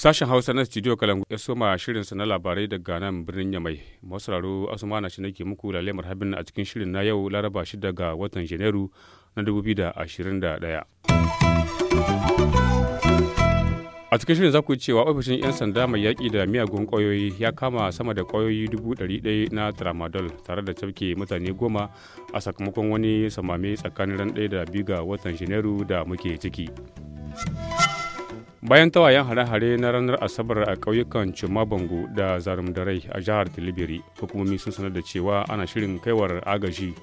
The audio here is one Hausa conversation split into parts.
Sashen Hausa na studio Kalangu ya soma shirinsa na labarai daga nan birnin Yamai. asuma na shi nake muku lalemar habin a cikin shirin na yau Laraba 6 ga watan Janairu na 2021. a cikin shirin za ku cewa ofishin 'yan sanda mai yaƙi da miyagun ƙwayoyi ya kama sama da ƙwayoyi dubu ɗari ɗaya na tramadol tare da cafke mutane goma a sakamakon wani samame tsakanin ran ɗaya da biyu ga watan janairu da muke ciki bayan tawayen hare-hare na ranar asabar a ƙauyukan cimabangu da zarumdarai a jihar tilibiri hukumomi sun sanar da cewa ana shirin kaiwar agaji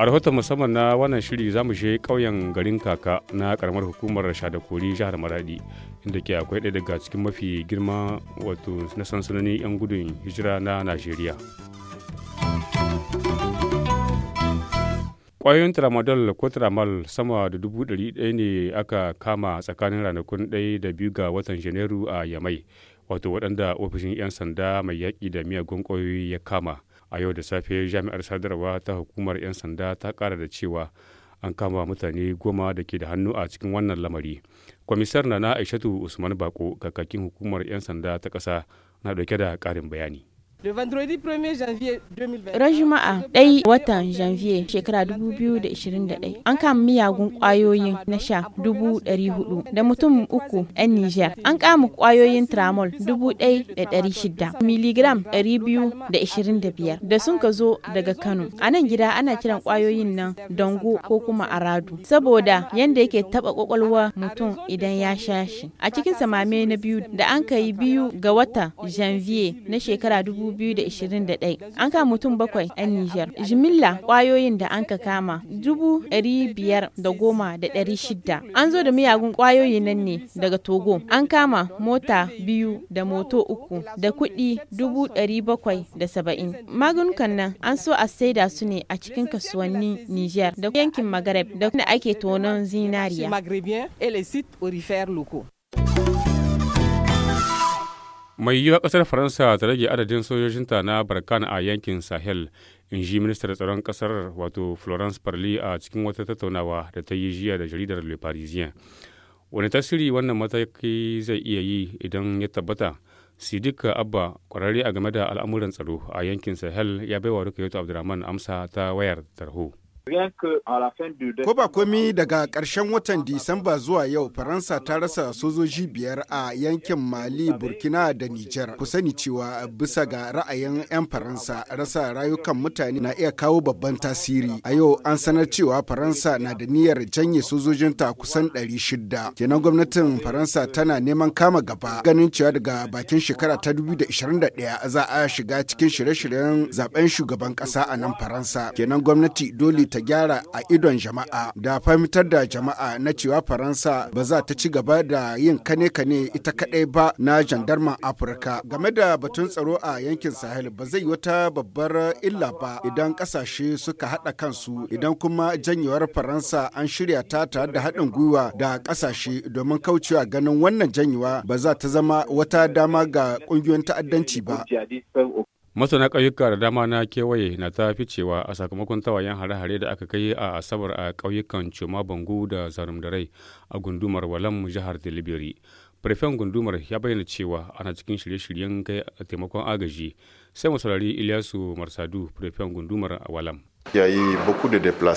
a rahoton musamman na wannan shiri za mu je ƙauyen garin kaka na karamar hukumar shadakori jihar maradi inda ke akwai ɗaya daga cikin mafi girma wato na sansanoni 'yan gudun hijira na najeriya ƙwayoyin tramadol ko tramal sama da dubu ɗari ɗaya ne aka kama tsakanin ranakun ɗaya da biyu ga watan janairu a yamai wato waɗanda ofishin 'yan sanda mai yaƙi da miyagun ƙwayoyi ya kama a yau da safe jami'ar sadarwa ta hukumar 'yan sanda ta kara da cewa an kama mutane goma da ke da hannu a cikin wannan lamari kwamisar na na aishatu usman bako kakakin hukumar 'yan sanda ta ƙasa na ɗauke da ƙarin bayani Rajuma a ɗai watan Janvier shekara 2021 an kama miyagun kwayoyin na sha 400 da mutum uku 'yan Nijar. An kama kwayoyin tramol 1,600 miligram 225 da sun ka zo daga Kano. A nan gida ana kiran kwayoyin nan dango ko kuma aradu saboda yadda yake taɓa ƙwaƙwalwa mutum idan ya sha shi. A cikin samame na biyu da an ka yi biyu ga watan Janvier na shekara dubu. 2021 an kama mutum bakwai 'yan Nijar. Jimilla kwayoyin da an ka kama dubu biyar da goma da ɗari shida. An zo da miyagun kwayoyi nan ne daga Togo. An kama mota biyu da moto uku da kuɗi dubu da saba'in. Magunukan nan an so a saida su ne a cikin kasuwanni Nijar da yankin Maghreb da ake tonon zinariya. mai yiwuwa kasar faransa ta rage adadin sojojinta na barkan a yankin sahel in ji ministar tsaron kasar wato florence parly a cikin wata tattaunawa da ta yi jiya da jaridar le parisien wani tasiri wannan mataki zai iya yi idan ya tabbata sidika abba kwararre a game da al'amuran tsaro a yankin sahel ya bai baiwa rukayatu abdurrahman amsa ta wayar tarho Ko ba komi daga ƙarshen watan Disamba zuwa yau Faransa ta rasa sojoji biyar a yankin Mali, Burkina da Nijar. Ku sani cewa bisa ga ra'ayin 'yan Faransa rasa rayukan mutane na iya kawo babban tasiri. A yau an sanar cewa Faransa na da niyyar janye sojojinta kusan 600. Kenan gwamnatin Faransa tana neman kama gaba ganin cewa daga bakin shekara ta 2021 za a shiga cikin shirye-shiryen zaben shugaban ƙasa a nan Faransa. Kenan gwamnati dole ta gyara a idon jama'a da fahimtar da jama'a na cewa faransa ba za ta ci gaba da yin kane-kane ita kadai ba na jandarman afirka game da batun tsaro a yankin sahel ba zai wata babbar illa ba idan kasashe suka haɗa kansu idan kuma janyewar faransa an shirya ta tare da haɗin gwiwa da kasashe domin kaucewa ganin wannan janyewa ba za ta zama wata dama ga ƙungiyoyin ta'addanci ba masana ƙauyuka da dama na kewaye na ta cewa a sakamakon tawayen hare-hare da aka kai a asabar a ƙauyukan cuma bangu da zarumdarai a gundumar walam jihar deliberi prefen gundumar ya bayyana cewa ana cikin shirye-shiryen kai a taimakon agaji sai masarari iliyasu marsadu prefen gundumar walam Ya yi da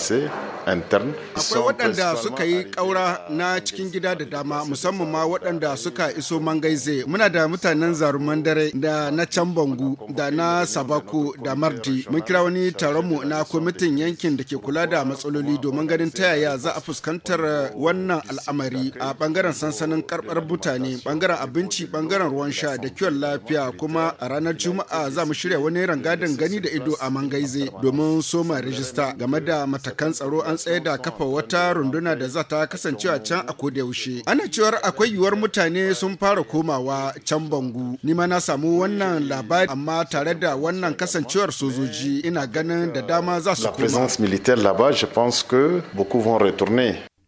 interne. Akwai waɗanda suka yi ƙaura na cikin gida da dama musamman ma waɗanda suka iso mangaize muna da mutanen zaruman dare da na can bangu da na sabako da mardi mun kira wani taron mu na kwamitin yankin da ke kula da matsaloli domin ganin ta yaya za a fuskantar wannan al'amari a bangaren sansanin karɓar mutane bangaren abinci bangaren ruwan sha da kiwon lafiya kuma a ranar juma'a za mu shirya wani rangadin gani da ido a mangaize domin soma hukumar rijista game da matakan tsaro an tsaye da kafa wata runduna da za ta kasancewa can a yaushe. Ana cewar akwai yiwuwar mutane sun fara komawa can bangu. Ni ma na samu wannan labari amma tare da wannan kasancewar sojoji ina ganin da dama za su koma.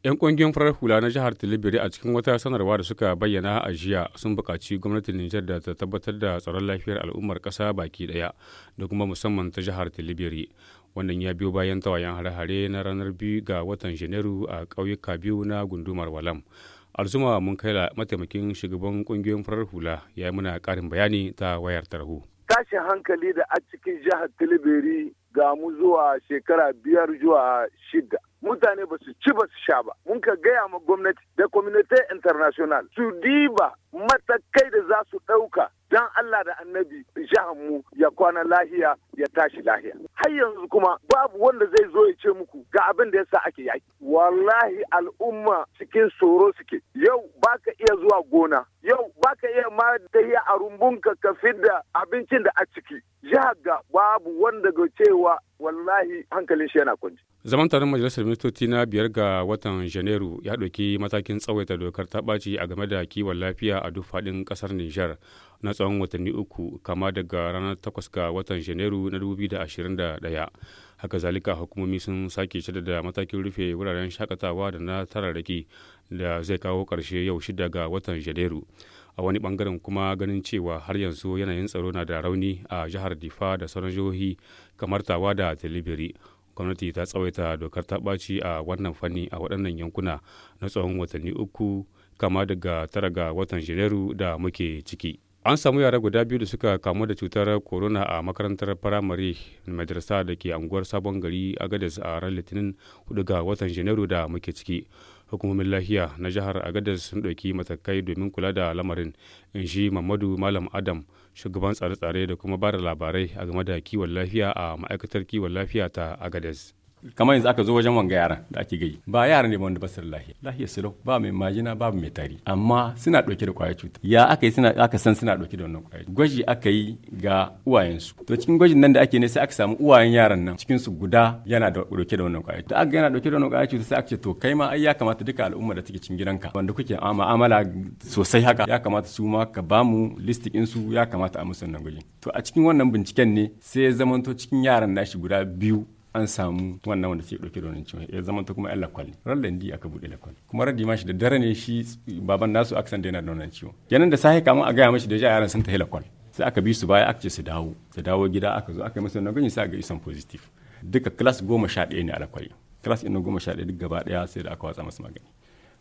'yan kungiyoyin farar hula na jihar tilibiri a cikin wata sanarwa da suka bayyana a jiya sun buƙaci gwamnatin nijar da ta tabbatar da tsaron lafiyar al'ummar ƙasa baki ɗaya da kuma musamman ta jihar tilibiri Wannan ya biyo bayan tawayen hare-hare na ranar biyu ga watan Janairu a ƙauyuka biyu na gundumar Walam. Alzuma mun kaila mataimakin shugaban ƙungiyoyin farar hula ya yi muna ƙarin bayani ta wayar tarho. Tashin hankali da a cikin jihar Tilibiri ga mu zuwa shekara biyar zuwa shida. mutane ba su ci ba su sha ba mun ka gaya ma gwamnati da community international su diba matakai da za su ɗauka Don Allah da annabi mu ya kwana lahiya ya tashi lahiya har yanzu kuma babu wanda zai zo ya ce muku ga abin da yasa ake yaki wallahi al'umma cikin tsoro suke yau baka iya zuwa gona yau baka iya ma da a rumbunka ka fidda abincin da a ciki jihar ga babu wanda ga cewa wallahi hankalin shi yana kwanci. Zaman taron majalisar ministoci na biyar ga watan Janairu ya ɗauki matakin tsawaita dokar ta ɓaci a game da kiwon lafiya a duk faɗin ƙasar Nijar na tsawon watanni uku kama daga ranar takwas ga watan Janairu na 2021. Haka zalika hukumomi sun sake da matakin rufe wuraren shakatawa da na tararraki da zai kawo ƙarshe yau shida ga watan Janairu. a wani bangaren kuma ganin cewa har yanzu yanayin tsaro na da rauni a jihar difa da sauran jihohi kamar tawa da talibiri gwamnati ta tsawaita dokar ta ɓaci a wannan fanni a waɗannan yankuna na tsawon watanni uku kama daga tara ga watan janairu da muke ciki an samu yara guda biyu da suka kamu da cutar corona a makarantar firamare madrasa da ke anguwar sabon gari gadas a ran litinin 4 ga watan janairu da muke ciki hukumomin lahiya na jihar agadez sun ɗauki matakai domin kula da lamarin in shi mamadu malam adam shugaban tsare-tsare da kuma bada labarai a game da kiwon lafiya a ma'aikatar kiwon lafiya ta agadez kamar yanzu aka zo wajen wanga yaran da ake gai ba yaran ne ba wanda ba lahiya lahiya silo. ba mai majina babu mai tari amma suna dauke da kwayar cuta ya aka yi suna aka san suna dauke da wannan kwayar gwaji aka yi ga uwayensu to cikin gwajin nan da ake ne sai aka samu uwayen yaran nan cikin su guda yana da dauke da wannan kwayar cuta aka yana dauke da wannan kwayar cuta sai aka ce to kai ma ai ya kamata duka al'umma da take cikin gidanka wanda kuke mu'amala sosai haka ya kamata su ma ka ba mu listikin su ya kamata a musu wannan gwajin to a cikin wannan binciken ne sai ya zamanto cikin yaran nashi guda biyu an samu wannan wanda suke dauke da wannan ciwon ya zama ta kuma yan lakwal ne ran landi aka buɗe lakwal kuma radi ma shi da dare ne shi baban nasu aksan da yana da wannan ciwon yanan da sahi kamun a gaya mashi da yaran sun tahi lakwal sai aka bi su baya aka ce su dawo su dawo gida aka zo aka yi masa wannan gani sai aka isan positive duka class goma sha ɗaya ne a lakwal class ɗin goma sha ɗaya duk gaba ɗaya sai da aka watsa masu magani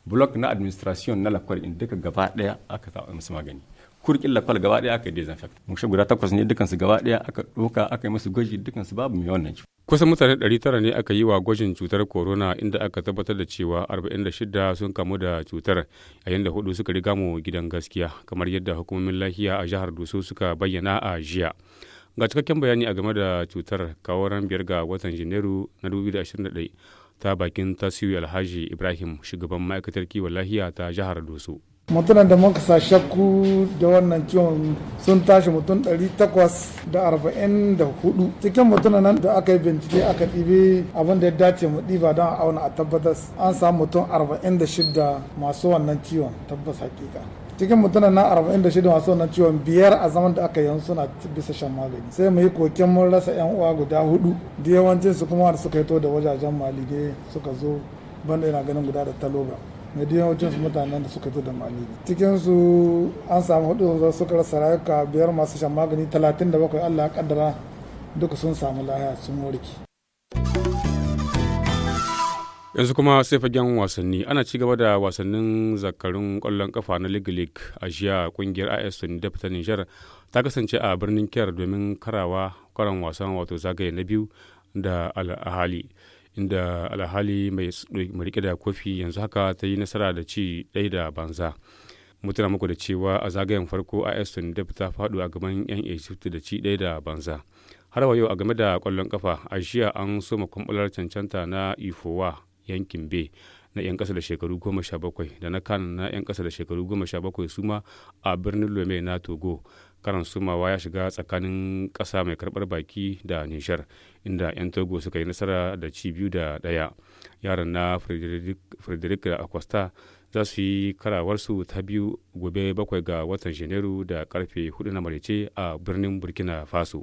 block na administration na lakwal in duka gaba ɗaya aka sa masu magani kurkin lafal gaba daya aka yi mun shi guda takwas ne su gaba daya aka doka aka yi musu gwaji su babu mai wannan cuta kusan mutane 900 ne aka yi wa gwajin cutar corona inda aka tabbatar da cewa 46 sun kamu da cutar yayin da hudu suka riga mu gidan gaskiya kamar yadda hukumomin lafiya a jihar doso suka bayyana a jiya ga cikakken bayani a game da cutar kawo ran biyar ga watan janairu na 2021 ta bakin tasiri alhaji ibrahim shugaban ma'aikatar kiwon lafiya ta jihar doso mutunan da muka sa shakku da wannan ciwon sun tashi mutum 844 cikin mutunan nan da aka yi bincike aka ɗibe abin da ya dace mu ɗiba don a auna a tabbatar an samu mutum 46 masu wannan ciwon tabbas hakika cikin mutunan na 46 masu wannan ciwon biyar a zaman da aka yi suna bisa shan magani sai mu yi koken mun rasa yan uwa guda hudu da su kuma suka to da wajajen malige suka zo banda yana ganin guda da taloba mai wajen su mutanen da suka da mali cikin su an samu hudu da suka rasa rayuka biyar masu shan magani talatin da bakwai allah kaddara duka sun samu lahiya sun warke yanzu kuma sai fagen wasanni ana ci gaba da wasannin zakarun kwallon kafa na league league a kungiyar is da ta nijar ta kasance a birnin kyar domin karawa karon wasan wato zagaye na biyu da al'ahali inda alhali mai rike da kofi yanzu haka ta yi nasara da ci ɗaya da banza mu muku da cewa a zagayen farko as da ta faɗo a gaban yan egypt da ci ɗaya da banza har wa yau a game da kwallon kafa a jiya an soma kwamɓalar cancanta na ifowa yankin bay na 'yan ƙasa da shekaru goma sha bakwai da na kan na 'yan kasa da shekaru goma sha bakwai su ma a birnin lome na togo karan sumawa ya shiga tsakanin ƙasa mai karɓar baki da nishar inda 'yan togo suka yi nasara da ci biyu da ɗaya yaran na frederick acosta za su yi karawarsu ta biyu gobe bakwai ga watan janairu da karfe hudu na marece a birnin burkina faso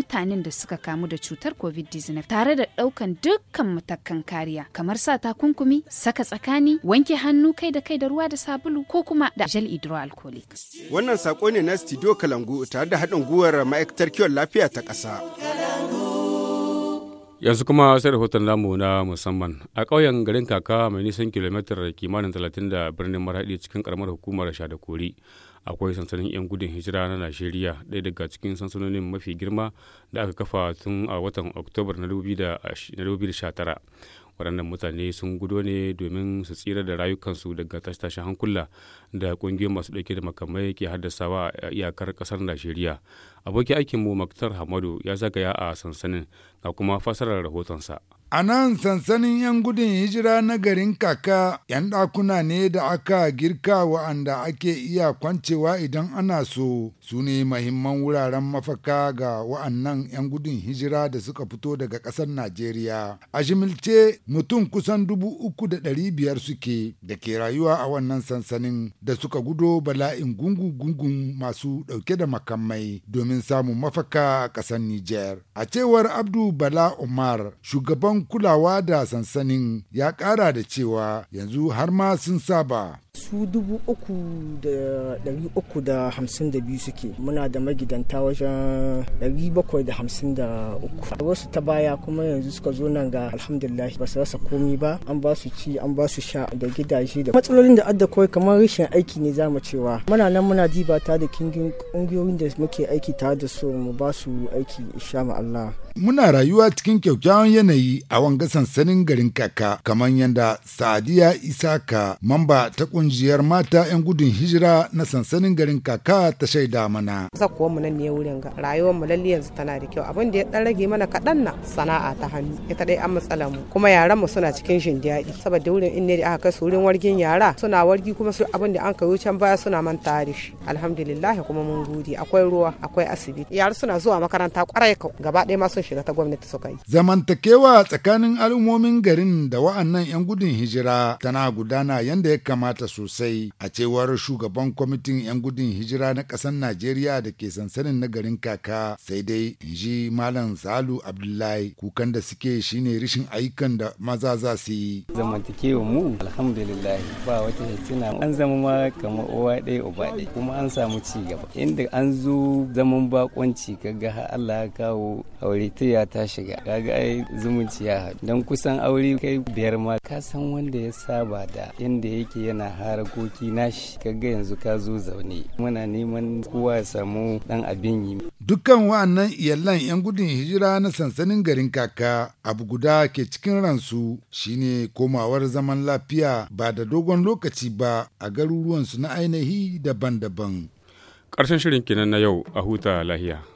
mutanen da suka kamu da cutar covid-19 tare da ɗaukan dukkan matakan kariya kamar sa takunkumi saka tsakani wanke hannu kai da kai da ruwa da sabulu ko kuma da gel hydroalcoholic wannan sako ne na studio kalangu tare da haɗin guwar ma'aikatar kiwon lafiya ta ƙasa. yanzu kuma sai rahoton namu na musamman a ƙauyen garin kaka mai nisan kilomitar kimanin talatin da birnin maraɗi cikin ƙaramar hukumar kori akwai sansanin 'yan gudun hijira na najeriya ɗaya daga cikin sansanonin mafi girma da aka kafa tun a watan oktobar na 2019 waɗannan mutane sun gudo ne domin su tsira da rayukansu daga tashe-tashen hankula da ƙungiyoyin masu ɗauke da makamai ke haddasawa a iyakar ƙasar najeriya abokin aikinmu maktar hamadu ya zagaya a sansanin ga kuma fasarar rahotonsa A nan sansanin 'yan gudun hijira na garin kaka 'yan ɗakuna ne da aka girka wa'anda ake iya kwancewa idan ana so su ne mahimman wuraren mafaka ga wa'annan 'yan gudun hijira da suka fito daga ƙasar Najeriya. A jimilce mutum kusan dubu uku da ɗari biyar suke da ke rayuwa a wannan sansanin da suka gudo bala'in gungu-gungun masu ɗauke da makamai domin samun mafaka a ƙasar Nijar. A cewar Abdu Bala Umar, shugaban kulawa da sansanin ya kara da cewa yanzu har ma sun saba. su dubu uku da dari uku da hamsin da biyu suke muna da magidanta wajen ɗari bakwai da hamsin da uku wasu ta baya kuma yanzu suka zo nan ga alhamdulillah ba su rasa komi ba an ba su ci an ba su sha da gidaje da matsalolin da adda kawai kamar rashin aiki ne zamu cewa muna nan muna diba ta da kingin kungiyoyin da muke aiki tare da su mu ba su aiki insha Allah Muna rayuwa cikin kyakkyawan yanayi a wanga sansanin garin kaka kamar yadda Sadiya Isaka mamba ta kungiyar mata 'yan gudun hijira na sansanin garin kaka ta shaida mana. Zakuwa mu nan ne wurin ga rayuwar mu lalle yanzu tana da kyau abin da ya dan rage mana kaɗan na sana'a ta hannu ita dai an matsala mu kuma yaran mu suna cikin shin daɗi saboda wurin in ne da aka kai su wurin wargin yara suna wargi kuma su abin da an kai can baya suna manta da shi alhamdulillah kuma mun gode akwai ruwa akwai asibiti yara suna zuwa makaranta kwarai gaba ɗaya ma sun shiga ta gwamnati suka yi. Zamantakewa tsakanin al'ummomin garin da wa'annan 'yan gudun hijira tana gudana yadda ya kamata sosai a cewar shugaban kwamitin 'yan gudun hijira na ƙasar Najeriya da ke sansanin na garin kaka sai dai in ji Malam Salu Abdullahi kukan da suke shine rishin ayyukan da maza za su yi. Zamantakewa mu alhamdulillah ba wata hitina an zama ma kamar uwa ɗaya uba ɗaya kuma an samu ci gaba inda an zo zaman bakonci kaga har Allah ya kawo aure maitiya ta shiga kaga ai zumunci ya haɗu don kusan aure kai biyar ma ka san wanda ya saba da inda yake yana harakoki nashi kaga yanzu ka zo zaune muna neman kowa ya samu dan abin yi dukkan wa'annan iyalan yan gudun hijira na sansanin garin kaka abu guda ke cikin ransu shine komawar zaman lafiya ba da dogon lokaci ba a garuruwansu na ainihi daban-daban ƙarshen shirin kenan na yau a huta lahiya